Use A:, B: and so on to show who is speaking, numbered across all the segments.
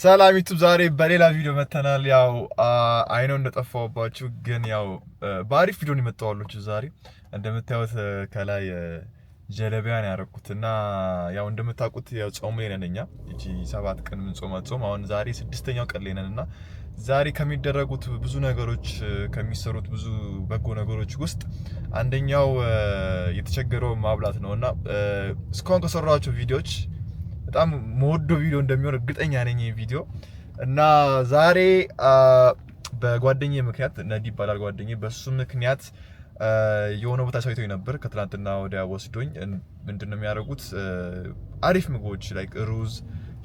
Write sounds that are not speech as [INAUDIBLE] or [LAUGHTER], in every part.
A: ሰላም ዩቱብ፣ ዛሬ በሌላ ቪዲዮ መተናል። ያው አይነው እንደጠፋውባችሁ ግን ያው በአሪፍ ቪዲዮን ነው ዛሬ። እንደምታዩት ከላይ ጀለቢያን ያረኩት እና ያው እንደምታውቁት ያው ጾም ላይ ነን እኛ እቺ ሰባት ቀን የምንጾማት ጾም አሁን ዛሬ ስድስተኛው ቀን ላይ ነን እና ዛሬ ከሚደረጉት ብዙ ነገሮች ከሚሰሩት ብዙ በጎ ነገሮች ውስጥ አንደኛው የተቸገረው ማብላት ነው እና እስካሁን ከሰራቸው ቪዲዮዎች በጣም መወዶ ቪዲዮ እንደሚሆን እርግጠኛ ነኝ ይህ ቪዲዮ እና ዛሬ በጓደኛ ምክንያት ነዲ ይባላል ጓደኛ በሱ ምክንያት የሆነ ቦታ ሳይቶኝ ነበር። ከትናንትና ወዲያ ወስዶኝ ምንድን ነው የሚያደርጉት አሪፍ ምግቦች ላይ ሩዝ፣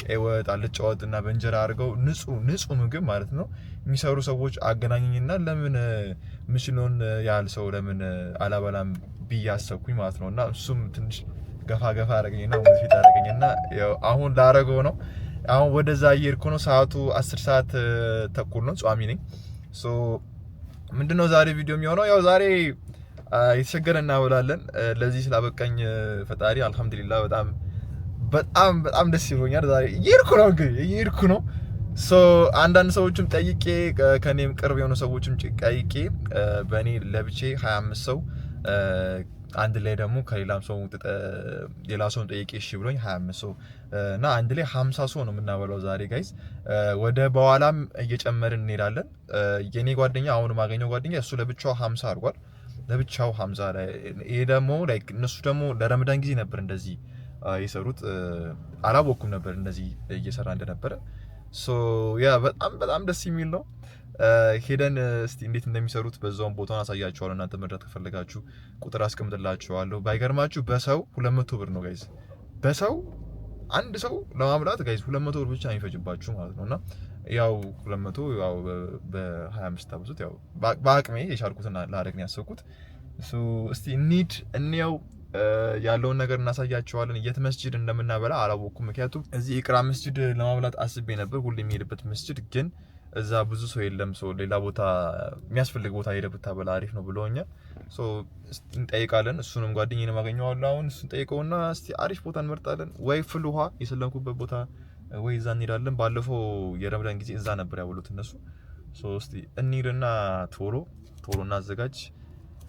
A: ቀይ ወጥ፣ አልጫ ወጥ እና በእንጀራ አድርገው ንጹህ ንጹህ ምግብ ማለት ነው የሚሰሩ ሰዎች አገናኘኝና ለምን ምችለውን ያህል ሰው ለምን አላበላም ብዬ አሰብኩኝ ማለት ነው እና እሱም ትንሽ ገፋ ገፋ አረገኝና ወደፊት አረገኝና አሁን ላረገው ነው። አሁን ወደዛ እየሄድኩ ነው። ሰዓቱ አስር ሰዓት ተኩል ነው። ጿሚ ነኝ። ምንድነው ዛሬ ቪዲዮ የሚሆነው? ያው ዛሬ የተቸገረ እናበላለን። ለዚህ ስላበቃኝ ፈጣሪ አልሐምዱሊላ በጣም በጣም በጣም ደስ ይሎኛል። ዛሬ እየሄድኩ ነው እንግዲህ እየሄድኩ ነው። አንዳንድ ሰዎችም ጠይቄ ከኔም ቅርብ የሆኑ ሰዎችም ጠይቄ በእኔ ለብቼ 25 ሰው አንድ ላይ ደግሞ ከሌላም ሰው ሌላ ሰውን ጠይቄ እሺ ብሎኝ ሀያ አምስት ሰው እና አንድ ላይ ሀምሳ ሰው ነው የምናበላው ዛሬ ጋይዝ። ወደ በኋላም እየጨመርን እንሄዳለን። የኔ ጓደኛ አሁን ማገኘው ጓደኛ እሱ ለብቻው ሀምሳ አድርጓል። ለብቻው ሀምሳ ይሄ ደግሞ ላይክ እነሱ ደግሞ ለረመዳን ጊዜ ነበር እንደዚህ የሰሩት አላወቅኩም ነበር እንደዚህ እየሰራ እንደነበረ ያ በጣም በጣም ደስ የሚል ነው። ሄደን እስቲ እንዴት እንደሚሰሩት በዛውም ቦታውን አሳያችኋለሁ። እናንተ መርዳት ከፈለጋችሁ ቁጥር አስቀምጥላችኋለሁ። ባይገርማችሁ በሰው ሁለት መቶ ብር ነው ጋይዝ። በሰው አንድ ሰው ለማምላት ጋይዝ ሁለት መቶ ብር ብቻ የሚፈጅባችሁ ማለት ነው እና ያው ሁለት መቶ ያው በሀያ አምስት አብዙት ያው በአቅሜ የቻልኩትን ለአደግ ነው ያሰብኩት። እስቲ ኒድ እንያው ያለውን ነገር እናሳያቸዋለን። የት መስጅድ እንደምናበላ አላወቅኩም። ምክንያቱም እዚህ ኢቅራ መስጅድ ለማብላት አስቤ ነበር ሁሉ የሚሄድበት መስጅድ ግን እዛ ብዙ ሰው የለም። ሰው ሌላ ቦታ የሚያስፈልግ ቦታ ሄደህ ብታበላ አሪፍ ነው ብለውኛል። እንጠይቃለን። እሱንም ጓደኛዬን አገኘዋለሁ አሁን። እሱን ጠይቀውና እስቲ አሪፍ ቦታ እንመርጣለን ወይ ፍል ውሃ የሰለምኩበት ቦታ ወይ እዛ እንሄዳለን። ባለፈው የረምዳን ጊዜ እዛ ነበር ያበሉት እነሱ። እስቲ እንሂድና ቶሎ ቶሎ እናዘጋጅ።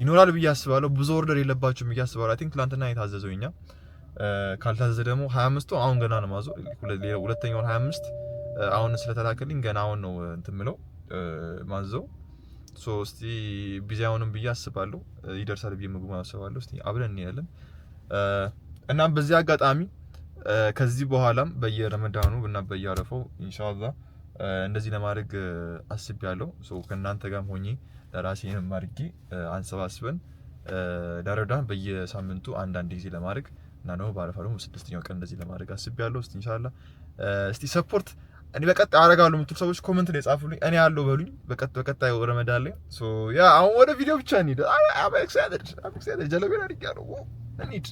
A: ይኖራል ብዬ አስባለሁ። ብዙ ኦርደር የለባቸውም ብዬ አስባለሁ። አይ ቲንክ ትናንትና የታዘዘው ካልታዘዘ ደግሞ 25 አሁን ገና ነው ማዞ ሁለተኛውን 25 አሁን ስለተላከልኝ ገና አሁን ነው እንትን ምለው ማዘው ሶ እስቲ ቢዚ አሁንም ብዬ አስባለሁ። ይደርሳል ብዬ ምግቡ ማስባለሁ። እስቲ አብረን እናያለን። እና በዚህ አጋጣሚ ከዚህ በኋላም በየረመዳኑ እና በየአረፈው ኢንሻላ እንደዚህ ለማድረግ አስቤያለሁ። ሶ ከእናንተ ጋርም ሆኜ ለራሴ ማድርጌ አንሰባስበን ለረዳን በየሳምንቱ አንዳንድ ጊዜ ለማድረግ እና ደግሞ ባረፋ ደግሞ ስድስተኛው ቀን እንደዚህ ለማድረግ አስቤያለሁ። እስቲ ኢንሻአላህ እስቲ ሰፖርት እኔ በቀጣይ አደርጋለሁ የምትሉ ሰዎች ኮመንት ላይ ጻፉልኝ። እኔ አለው በሉኝ። በቀጥ በቀጣይ ረመዳን ላይ ሶ ያ አሁን ወደ ቪዲዮ ብቻ እንሂድ። አይ አይ አም ኤክሳይትድ አም ኤክሳይትድ ጀለቤን አድርጌያለሁ። ዋው እንሂድ።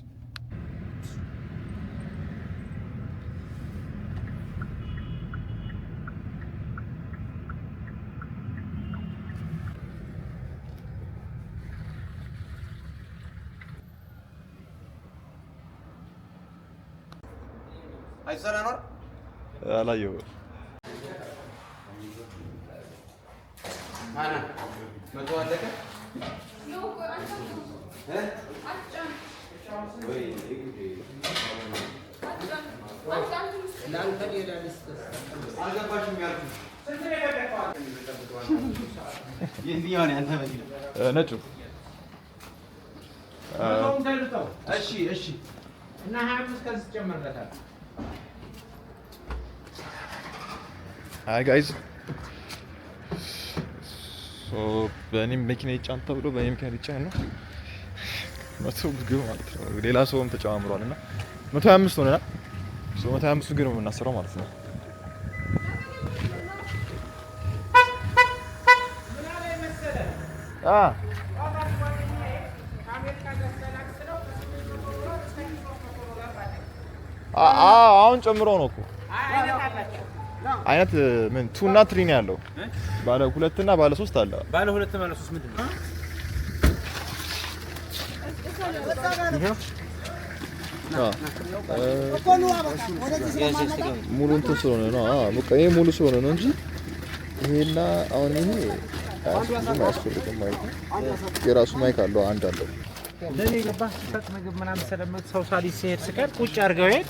B: አይሰራ ነው አላየሁም መቶ አለቀ። ነጩ እና ሀያ አምስት ከዚህ ጨመረታል።
A: አይ ጋይዝ So, በእኔም መኪና ጫን ተብሎ በእኔ መኪና ሊጫን ነው። መቶ ምግብ ማለት ነው። ሌላ ሰውም ተጨማምሯል እና መቶ ሀያ አምስት ሆነና መቶ ሀያ አምስቱ ግን ነው የምናሰራው ማለት ነው። አሁን ጨምሮ ነው እኮ አይነት ምን ቱ እና ትሪ ነው ያለው። ባለ ሁለት እና ባለ ሶስት አለ።
B: ባለ ሁለት ባለ ሶስት ምንድን ነው?
A: ሙሉ እንትን ስለሆነ ነው። አዎ በቃ ይሄ ሙሉ ስለሆነ ነው እንጂ ይሄና አሁን ይሄ አያስፈልግም ማለት ነው። የራሱ ማይክ አለው አንድ አለው
B: ለኔ ገባ ሰጥ ምግብ ምናምን ስለምት ሰው ሳሊ ሲሄድ ስቀር ቁጭ አድርገው ይሄድ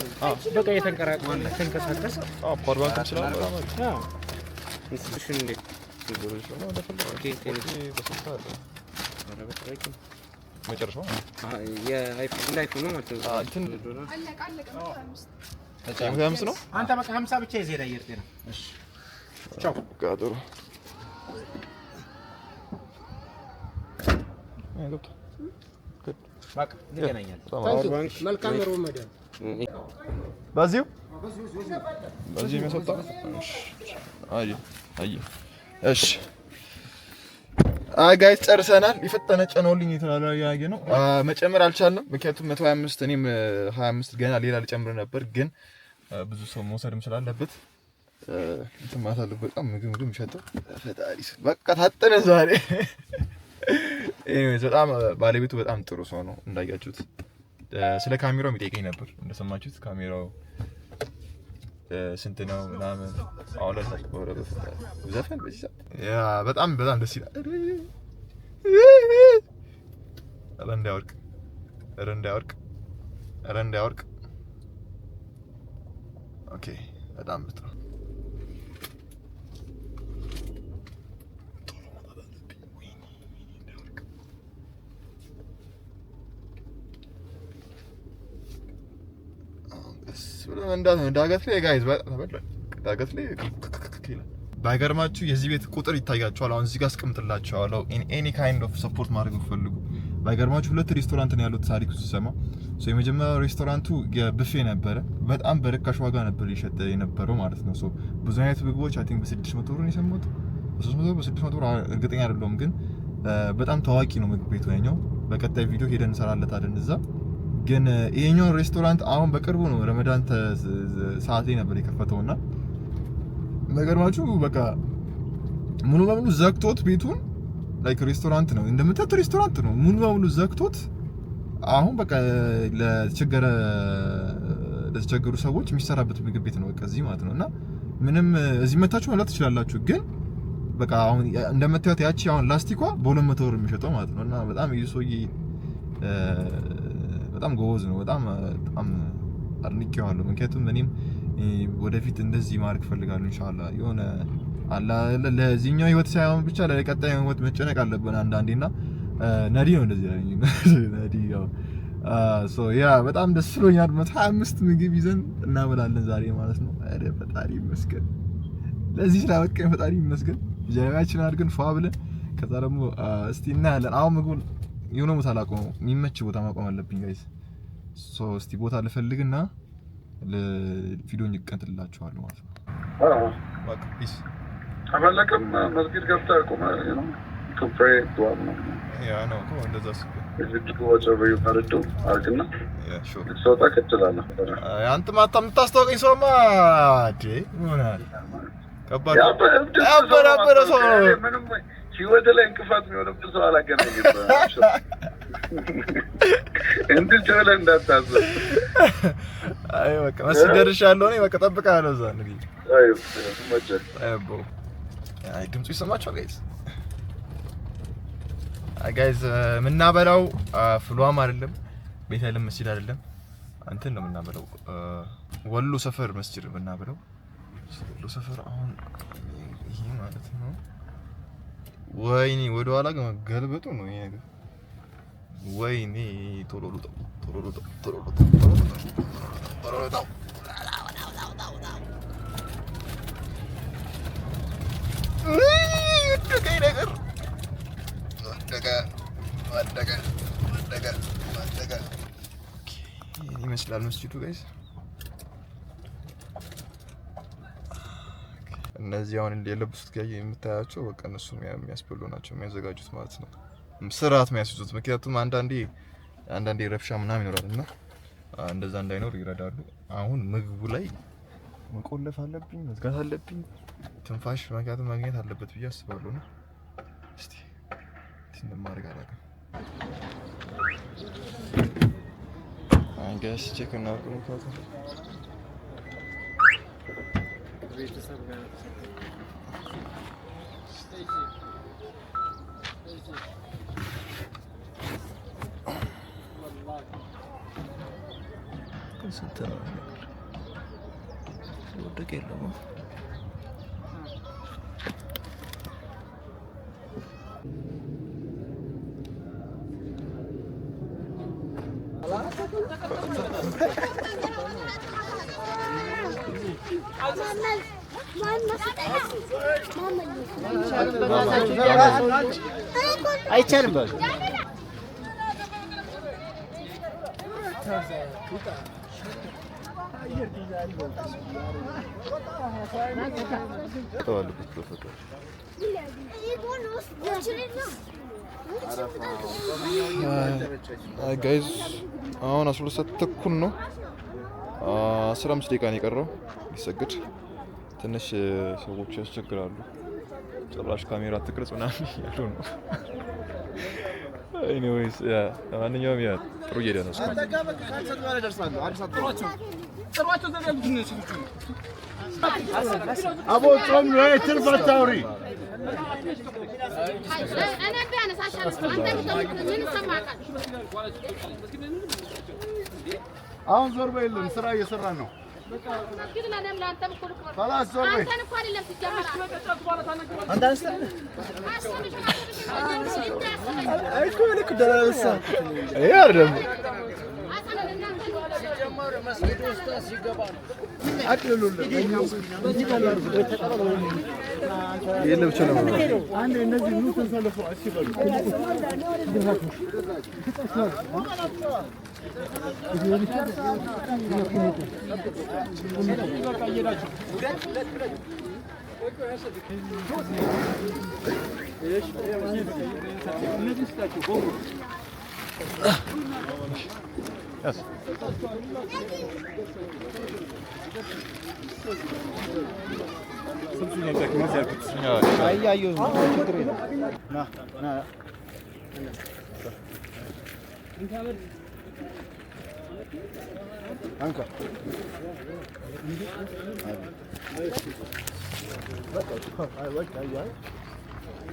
B: በቃ የተንቀራቀለ ተንቀሳቀስ
A: አፖር ባንክ ይችላል። አዎ መጨረሻው ነው
B: አንተ በቃ ሀምሳ ብቻ ይዘህ ዳየር ነው።
A: ቻው ጥሩ በዚሁ በዚህ እሺ። ጋይስ ጨርሰናል። የፈጠነ ጨነውልኝ የተላላ ነው መጨመር አልቻልንም። ምክንያቱም 125 እኔም 25 ገና ሌላ ልጨምር ነበር፣ ግን ብዙ ሰው መውሰድም ስላለበት እንትማታለሁ። በጣም ምግብ ምግብ ይሸጠው ፈጣሪ። በቃ ታጠነ ዛሬ በጣም ባለቤቱ በጣም ጥሩ ሰው ነው እንዳያችሁት። ስለ ካሜራው የሚጠይቀኝ ነበር እንደሰማችሁት። ካሜራው ስንት ነው ምናምን ዘፈን በጣም በጣም ደስ ይላል። ኧረ እንዳያወርቅ፣ ኧረ እንዳያወርቅ፣ ኧረ እንዳያወርቅ። ኦኬ በጣም ጥሩ ብሎ ዳገት ላይ ጋይዝ ዳገት ላይ ይላል። ባይገርማችሁ የዚህ ቤት ቁጥር ይታያቸዋል። አሁን እዚህ ጋር አስቀምጥላቸዋለሁ። ኢን ኤኒ ካይንድ ኦፍ ሰፖርት ማድረግ ፈልጉ። ባይገርማችሁ ሁለት ሬስቶራንት ነው ያሉት ታሪክ ስሰማ። ሶ የመጀመሪያው ሬስቶራንቱ የብፌ ነበረ። በጣም በርካሽ ዋጋ ነበር የሸጠ የነበረው ማለት ነው። ሶ ብዙ አይነት ምግቦች አይ ቲንክ በ600 ብር ነው የሰማሁት፣ በ300 ብር በ ብር እርግጠኛ አይደለሁም፣ ግን በጣም ታዋቂ ነው ምግብ ቤቱ ያኛው። በቀጣይ ቪዲዮ ሄደን እንሰራለታለን እዛ ግን ይሄኛው ሬስቶራንት አሁን በቅርቡ ነው ረመዳን ሰዓት ላይ ነበር የከፈተውና ነገርማችሁ በቃ ሙሉ በሙሉ ዘግቶት ቤቱን ላይክ ሬስቶራንት ነው እንደምታዩት ሬስቶራንት ነው ሙሉ በሙሉ ዘግቶት አሁን በቃ ለተቸገረ ለተቸገሩ ሰዎች የሚሰራበት ምግብ ቤት ነው በቃ እዚህ ማለት ነውና ምንም እዚህ መታችሁ መብላት ትችላላችሁ ግን በቃ አሁን እንደምታዩት ያቺ አሁን ላስቲኳ በሁለት መቶ ብር የሚሸጠው ማለት ነው እና በጣም ይህ በጣም ጎበዝ ነው። በጣም በጣም አድንቄዋለሁ። ምክንያቱም እኔም ወደፊት እንደዚህ ማድረግ እፈልጋለሁ። ኢንሻላ የሆነ ለዚህኛው ህይወት ሳይሆን ብቻ ለቀጣይ ህይወት መጨነቅ አለብን አንዳንዴና ነዲ ነው እንደዚህ [LAUGHS] ነዲ ያው ሶ ያ በጣም ደስ ብሎኛል። መቶ ሀያ አምስት ምግብ ይዘን እናበላለን ዛሬ ማለት ነው። ኧረ ፈጣሪ ይመስገን ለዚህ ስላበቃኝ ፈጣሪ ይመስገን። ጀሪያችን አድርገን ፏ ብለን ከዛ ደግሞ እስቲ እናያለን አሁን ምግቡን የሆነ ቦታ ላቆመው፣ የሚመች ቦታ ማቆም አለብኝ ጋይስ። ሶ እስቲ ቦታ ልፈልግና ለቪዲዮን ይቀጥልላችኋለሁ ማለት ነው።
C: መስጊድ ቆመ ነው ነው
A: ነው አንተ ማታ የምታስታወቀኝ ሰውማ ዴ ይሆናል ከባድ ያበራበረ ሰው
C: ህይወት ላይ እንቅፋት የሚሆንብን ሰው አላገናኝም። እንትን ችለ እንዳታዘብ።
A: አይ በቃ መስ ደርሻለሁ እኔ በቃ እጠብቅሃለሁ እዛ። እንግዲህ አይ ድምፁ ይሰማችኋል ጋይዝ። ጋይዝ የምናበላው ፍሏም አይደለም ቤተልም መስጂድ አይደለም እንትን ነው የምናበላው ወሎ ሰፈር መስጂድ የምናበላው ወሎ ሰፈር አሁን ይሄ ማለት ነው ወይኔ ወደ ኋላ ገልበጡ ነው ይሄ ነገር። ወይኔ ቶሎ ልውጣ፣ ቶሎ ልውጣ፣ ቶሎ ቶሎ ይመስላል መስጂዱ ጋይስ እነዚህ አሁን የለበሱት ጋር የምታያቸው በቃ እነሱ የሚያስበሉ ናቸው የሚያዘጋጁት ማለት ነው፣ ስርዓት የሚያስይዙት። ምክንያቱም አንዳንዴ አንዳንዴ ረብሻ ምናምን ይኖራል እና እንደዛ እንዳይኖር ይረዳሉ። አሁን ምግቡ ላይ መቆለፍ አለብኝ፣ መዝጋት አለብኝ፣ ትንፋሽ መጋት ማግኘት አለበት ብዬ አስባለሁ ነው እስቲ እንደማድረግ አላውቅም። አንገስ ቼክ እናድርግ ಸುತ್ತಲ ಊಟಕ್ಕೆ ಇಲ್ಲವು ಅಲ್ಲ አይቻልም። በሉ ጋይዝ አሁን አስራ ሁለት ሰዓት ተኩል ነው። አስራ አምስት ደቂቃ ነው የቀረው። ሊሰግድ ትንሽ ሰዎች ያስቸግራሉ። ጭራሽ ካሜራ ትቅርጽ ምናምን [LAUGHS] ያሉ ነው። ኤኒዌይስ ለማንኛውም ያ ጥሩ እየሄደ ነው። አቦ ጾም ነው ትርፍ አታውሪ። አሁን ዞር በይልን ስራ እየሰራ ነው
D: كده انا املا انت بكل
A: كبر خلاص زوي انت انا كل اللي بتتجمع انت لسه ايش كل اللي كنت انا لسه يا رب ఏళ్ళు వచ్చాను Ne istiyor ki bu? Yaz. Samsun'a takmaz ya kutusun ya. Ay ya yiyoruz. Çıtırıyor. Na, na. Kanka. I like that guy.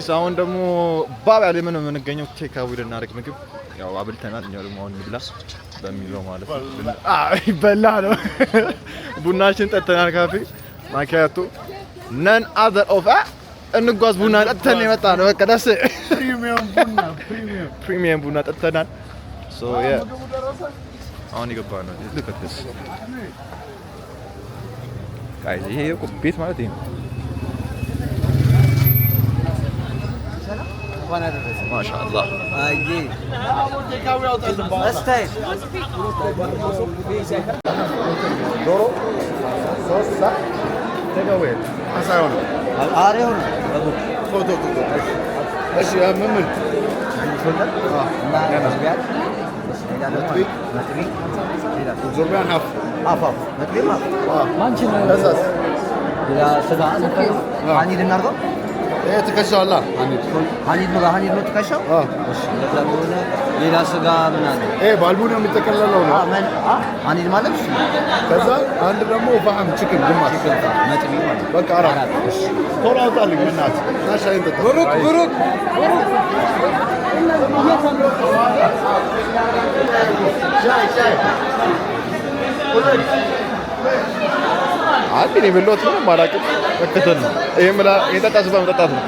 A: ጋይስ አሁን ደግሞ ባብ ያለ ምን የምንገኘው ቴክ አዊ ልናደርግ ምግብ ያው አብልተናል። እኛ ደግሞ አሁን እንብላ በሚለው ማለት ነው። ይበላ ነው። ቡናችን ጠጥተናል። ካፌ ማኪያቶ ነን አዘር ኦፍ እንጓዝ ቡና ጠጥተን የመጣ ነው። በቃ ደስ ፕሪሚየም ቡና ጠጥተናል። አሁን የገባ ነው። ልክ ጋይስ ይሄ ቤት ማለት ይሄ ነው ما شاء آه، آه. آه. الله اي استاذ دورو صوص صح تيك اوي
B: حسنا هنا الاري هنا
A: خذ خذ خذ ايش يا ممل زربان حف
B: حف حف ما تبي ما ما نشيل اساس الى سبعه عنيد النهارده
A: ايه تكشف الله عنيد
B: ሀኒት ነው ሀኒት ነው ትከሻው። እሺ ለዛ ሌላ ስጋ ምናምን
A: እ ባልቡ ነው የሚጠቀለለው
B: ነው አመን ማለት እሱ።
A: ከዛ አንድ ደግሞ ፋም ቺክን ግማሽ ይሄ ምላ ይሄ መጠጣት ነው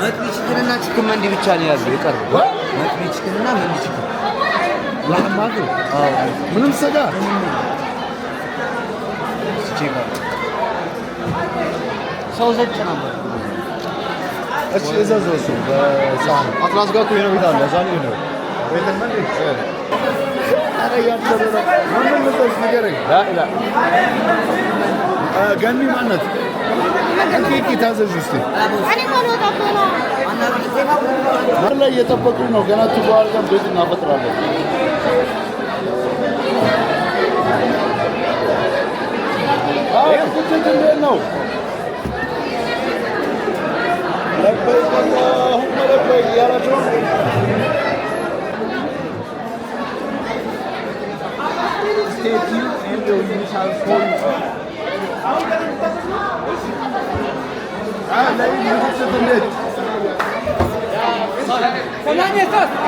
B: መጥሚችትንና ችክም እንዲህ ብቻ ነው ያሉ ይቀር መጥሚችትንና መንዲችክም ላማግ ምንም ሰጋ ሰው ዘጭ ነበር
A: እሺ እዘዝ እሱ በሳህን አትላስ ጋር እኮ የሆነ ቤት አለ እዛ ነው ነው ኧረ ያለ ነገር ላ ላ ገኒ ማነት ኬክ ታዘዥ ላይ እየጠበቁ ነው። ገና ትበዋል። ጋር ቤት እናፈጥራለን። ነው? ለበይክ አላሁመ ለበይክ እያላቸው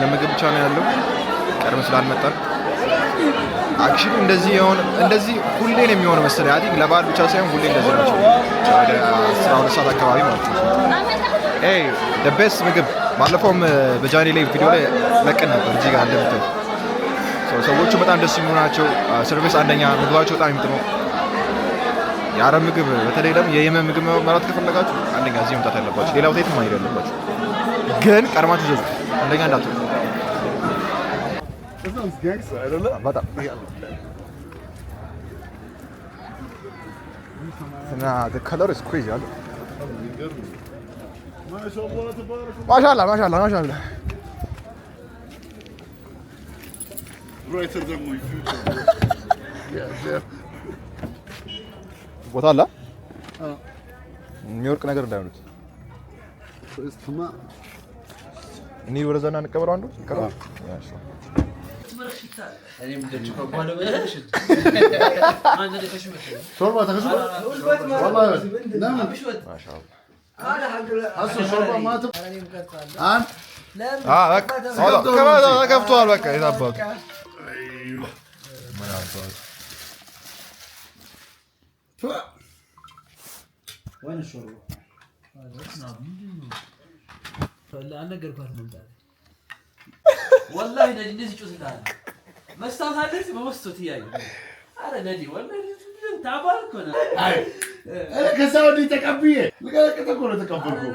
A: ለምግብ ብቻ ነው ያለው። ቀድም ስላልመጣን አክሽን እንደዚህ የሆነ እንደዚህ ሁሌ ነው የሚሆነው መሰለኝ። አዲግ ለበዓል ብቻ ሳይሆን ሁሌ እንደዚህ ናቸው። ወደ አስራ ሁለት ሰዓት አካባቢ ማለት ነው። ኤይ ደቤስ ምግብ ባለፈውም በጃኒ ላይ ቪዲዮ ላይ ለቅን ነበር። እዚህ ጋር እንደምታዩ ሰዎቹ በጣም ደስ የሚሆናቸው፣ ሰርቪስ አንደኛ፣ ምግባቸው በጣም የሚጥመው የአረብ ምግብ በተለይ ደግሞ የየመን ምግብ መብላት ከፈለጋችሁ አንደኛ እዚህ መምጣት ያለባችሁ፣ ሌላ ቦታ የትም ማሄድ ያለባችሁ ግን ቀድማችሁ ዘዙ። አንደኛ እንዳት በጣም እና ከለር ስ ኩዝ ያለ ማሻላ ማሻላ ማሻላ brighter than my future. yeah, yeah. ቦታ አለ የሚወርቅ ነገር እንዳይሆኑት እኔ ወደዛና እንቀበለው አንዱ ይቀራል። ከፍቷል በቃ የታባቱ
B: ወይን ሾርባ አልነገርኳትም። ወላሂ ነዲ እንደዚህ ጩት እንዳለ መስታወት አለች በመስቶት እያየ አረ ነዲ
A: ከዛ ወዲህ ተቀብዬ ልቀለቅጥ እኮ ነው ተቀበልኩ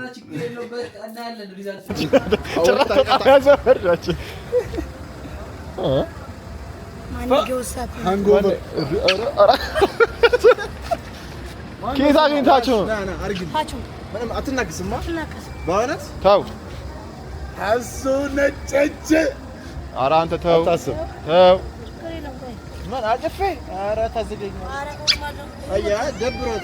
A: ከየት አግኝታችሁ
D: ነው?
A: አትናቅስማ። በእውነት አንተ ተው ተው።
B: ምን አቅፌ ኧረ ታዘገኛለህ።
A: አየህ ደብሮት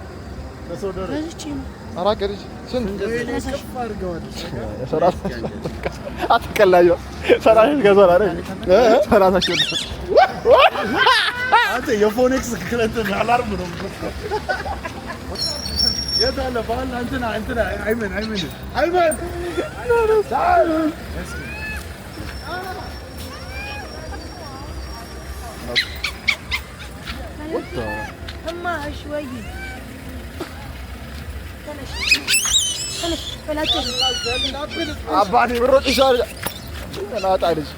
B: هما
D: شوية
A: አባቴ ብሮጥ ይሻላል። ናጣ ልጅ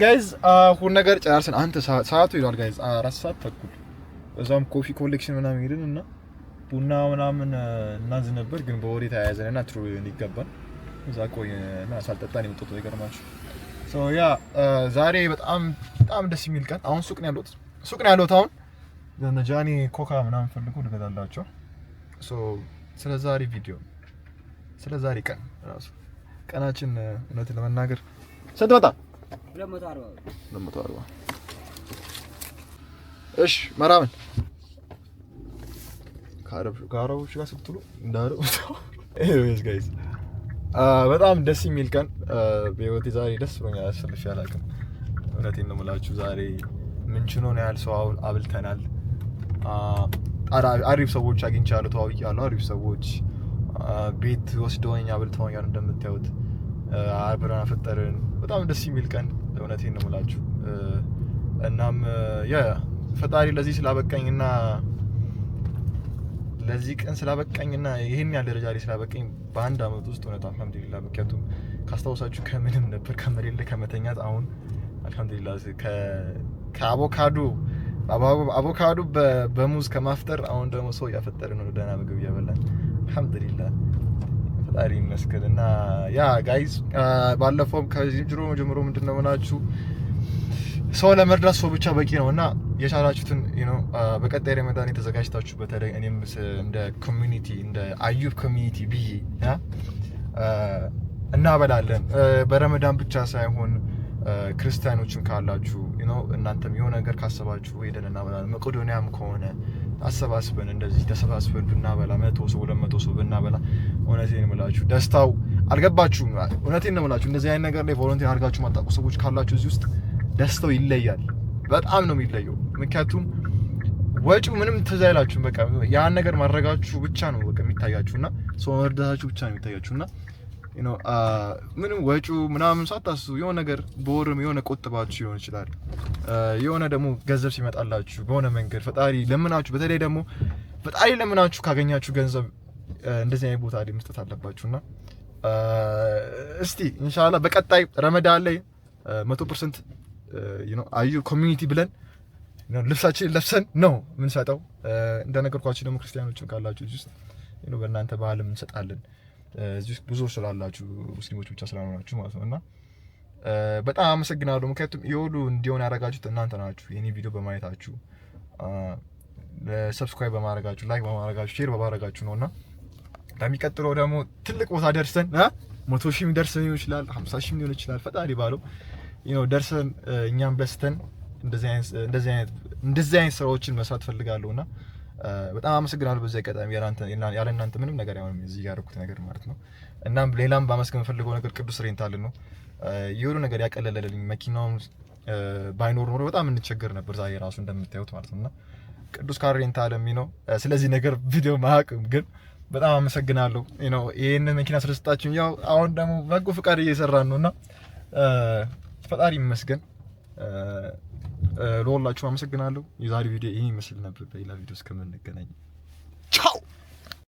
A: ጋይዝ አሁን ነገር ጨራርስን። አንተ ሰዓቱ ይሏል ጋይዝ አራት ሰዓት ተኩል እዛም ኮፊ ኮሌክሽን ምናምን ሄድን እና ቡና ምናምን እናዝ ነበር፣ ግን በወሬ ተያያዘን እና ትሩ ይገባል እዛ ቆይ እና ሳልጠጣን የመጠጡ ይገርማችሁ ያ ዛሬ በጣም በጣም ደስ የሚል ቀን። አሁን ሱቅ ነው ያለሁት፣ ሱቅ ነው ያለሁት አሁን ጃኒ ኮካ ምናምን ፈልጉ ልገዛላቸው። ስለ ዛሬ ቪዲዮ ስለ ዛሬ ቀን ራሱ ቀናችን እውነት ለመናገር ስንት መጣ? እሺ መራምን ከአረቦች ጋር ስትሉ እንዳለው በጣም ደስ የሚል ቀን በህይወቴ ዛሬ ደስ ብሎኛል። አስልፍ ያላቅም እውነቴን ነው የምላችሁ። ዛሬ ምንችኖን ያህል ሰው አብልተናል። አሪፍ ሰዎች አግኝቻለሁ፣ ተዋውቂያለሁ። አሪፍ ሰዎች ቤት ወስደውኝ አብልተውኛል። እንደምታዩት አብረን አፈጠርን። በጣም ደስ የሚል ቀን እውነቴን ነው የምላችሁ። እናም ፈጣሪ ለዚህ ስላበቃኝና ለዚህ ቀን ስላበቃኝና ይህን ያህል ደረጃ ላይ ስላበቃኝ በአንድ አመት ውስጥ እውነት አልሐምዱሊላ። ምክንያቱም ካስታውሳችሁ ከምንም ነበር ከመሌለ ከመተኛት አሁን አልሐምዱሊላ ከአቮካዶ አቮካዶ በሙዝ ከማፍጠር አሁን ደግሞ ሰው እያፈጠረ ነው። ደህና ምግብ እያበላን አልሐምዱሊላ ፈጣሪ ይመስገን። እና ያ ጋይዝ ባለፈውም ከዚህ ጅሮ ጀምሮ ምንድን ነው ሰው ለመርዳት ሰው ብቻ በቂ ነው እና የቻላችሁትን በቀጣይ ረመዳን የተዘጋጅታችሁ በተለይ እኔም እንደ ኮሚኒቲ እንደ አዩብ ኮሚኒቲ ብዬ እናበላለን በረመዳን ብቻ ሳይሆን ክርስቲያኖችም ካላችሁ ነው እናንተም የሆነ ነገር ካሰባችሁ ሄደን እናበላ መቄዶንያም ከሆነ አሰባስበን እንደዚህ ተሰባስበን ብናበላ መቶ ሰው ሁለት መቶ ሰው ብናበላ እውነቴን ነው ደስታው አልገባችሁም። እውነቴን ነው የምላችሁ እንደዚህ አይነት ነገር ላይ ቮለንቴር አድርጋችሁ ማጣቁ ሰዎች ካላችሁ እዚህ ውስጥ ደስታው ይለያል። በጣም ነው የሚለየው። ምክንያቱም ወጪው ምንም ትዝ አይላችሁም። በቃ ያን ነገር ማድረጋችሁ ብቻ ነው በቃ የሚታያችሁና ሰው መርዳታችሁ ብቻ ነው የሚታያችሁና Uh, ምንም ወጪው ምናምን ሳታስቡ የሆነ ነገር በወርም የሆነ ቆጥባችሁ ሊሆን ይችላል። uh, የሆነ ደግሞ ገንዘብ ሲመጣላችሁ በሆነ መንገድ ፈጣሪ ለምናችሁ፣ በተለይ ደግሞ ፈጣሪ ለምናችሁ ካገኛችሁ ገንዘብ uh, እንደዚህ አይነት ቦታ ላይ መስጠት እና እስቲ እንሻላ በቀጣይ ረመዳን ላይ መቶ ፐርሰንት አዩ ኮሚኒቲ ብለን ልብሳችን ለብሰን ነው የምንሰጠው። እንደነገርኳችሁ ደግሞ ክርስቲያኖችም ካላችሁ ውስጥ በእናንተ ባህልም እንሰጣለን። እዚህ ውስጥ ስላላችሁ ሙስሊሞች ብቻ ስላልሆናችሁ ማለት ነው እና በጣም አመሰግናለሁ። ምክንያቱም የሁሉ እንዲሆን ያደረጋችሁት እናንተ ናችሁ። የኔ ቪዲዮ በማየታችሁ ሰብስክራይብ በማድረጋችሁ ላይክ በማድረጋችሁ ሼር በማድረጋችሁ ነው እና በሚቀጥለው ደግሞ ትልቅ ቦታ ደርሰን መቶ ሺህ ደርሰን ሊሆን ይችላል፣ ሀምሳ ሺህ ሊሆን ይችላል። ፈጣሪ ባለው ደርሰን እኛም በስተን እንደዚህ አይነት ስራዎችን መስራት ፈልጋለሁ እና በጣም አመሰግናለሁ። በዚህ አጋጣሚ ያለ እናንተ ምንም ነገር አይሆንም እዚህ ያደረኩት ነገር ማለት ነው። እናም ሌላም ባመስገን የምፈልገው ነገር ቅዱስ ሬንታል ነው። የሆኑ ነገር ያቀለለልኝ መኪናውን ባይኖር ኖሮ በጣም እንቸገር ነበር ዛሬ ራሱ እንደምታዩት ማለት ነውና ቅዱስ ካር ሬንታል የሚለው ስለዚህ ነገር ቪዲዮ ማያውቅም ግን በጣም አመሰግናለሁ ነው ይህንን መኪና ስለሰጣችሁ። ያው አሁን ደግሞ በጎ ፈቃድ እየሰራን ነው እና ፈጣሪ ይመስገን። ለሁላችሁም አመሰግናለሁ። የዛሬ ቪዲዮ ይህ ይመስል ነበር። በሌላ ቪዲዮ እስከምንገናኝ